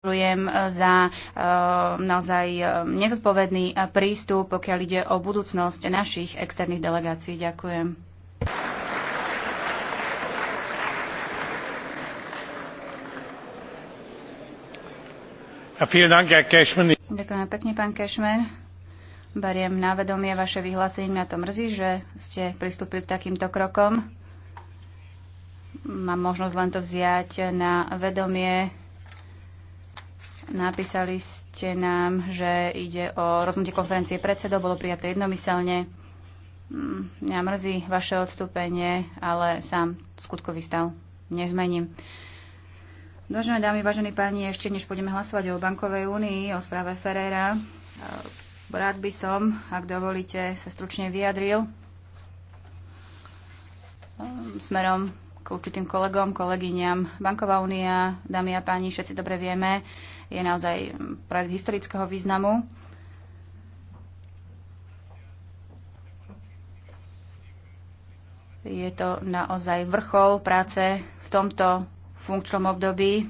považujem eh, za eh, naozaj eh, nezodpovedný prístup, pokiaľ ide o budúcnosť našich externých delegácií. Ďakujem. Ďakujem pekne, pán Kešmer. Beriem na vedomie vaše vyhlásenie. Mňa to mrzí, že ste pristúpili k takýmto krokom. Mám možnosť len to vziať na vedomie Napísali ste nám, že ide o rozhodnutie konferencie predsedov, bolo prijaté jednomyselne. Mňa mm, mrzí vaše odstúpenie, ale sám skutkový stav nezmením. Vážené dámy, vážení páni, ešte než pôjdeme hlasovať o bankovej únii, o správe Ferreira, e, rád by som, ak dovolíte, sa stručne vyjadril e, smerom k určitým kolegom, kolegyňam. Banková únia, dámy a páni, všetci dobre vieme, je naozaj projekt historického významu. Je to naozaj vrchol práce v tomto funkčnom období.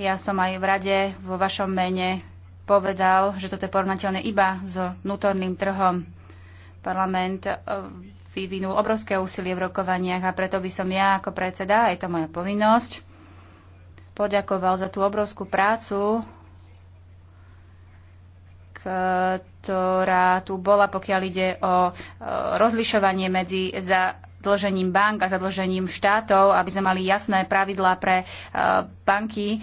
Ja som aj v rade vo vašom mene povedal, že toto je porovnateľné iba s vnútorným trhom. Parlament eh, vyvinul obrovské úsilie v rokovaniach a preto by som ja ako predseda, aj to moja povinnosť, poďakoval za tú obrovskú prácu, ktorá tu bola, pokiaľ ide o e, rozlišovanie medzi zadlžením bank a zadlžením štátov, aby sme mali jasné pravidlá pre e, banky.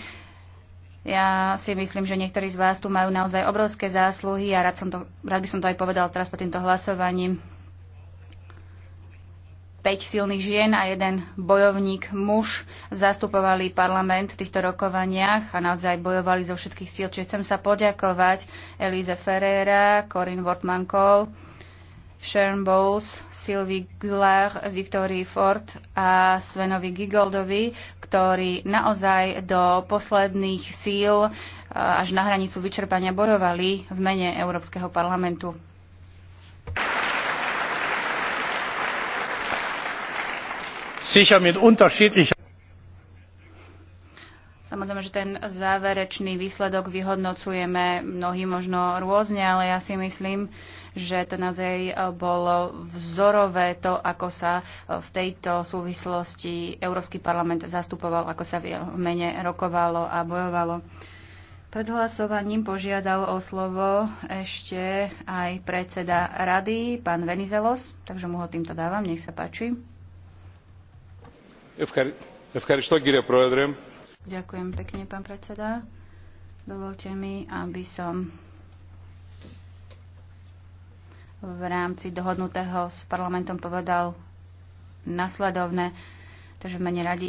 Ja si myslím, že niektorí z vás tu majú naozaj obrovské zásluhy a rád, som to, rád by som to aj povedal teraz po týmto hlasovaním. 5 silných žien a jeden bojovník muž zastupovali parlament v týchto rokovaniach a naozaj bojovali zo všetkých síl. Čiže chcem sa poďakovať Elize Ferreira, Corinne Wortmankov, Sharon Bowles, Sylvie Goulart, Victorii Ford a Svenovi Gigoldovi, ktorí naozaj do posledných síl e, až na hranicu vyčerpania bojovali v mene Európskeho parlamentu. sicher mit unterschiedlicher Samozrejme, že ten záverečný výsledok vyhodnocujeme mnohí možno rôzne, ale ja si myslím, že to naozaj bolo vzorové to, ako sa v tejto súvislosti Európsky parlament zastupoval, ako sa v mene rokovalo a bojovalo. Pred hlasovaním požiadal o slovo ešte aj predseda rady, pán Venizelos, takže mu ho týmto dávam, nech sa páči. Ďakujem pekne, pán predseda. Dovolte mi, aby som v rámci dohodnutého s parlamentom povedal nasledovné. Takže mene radí.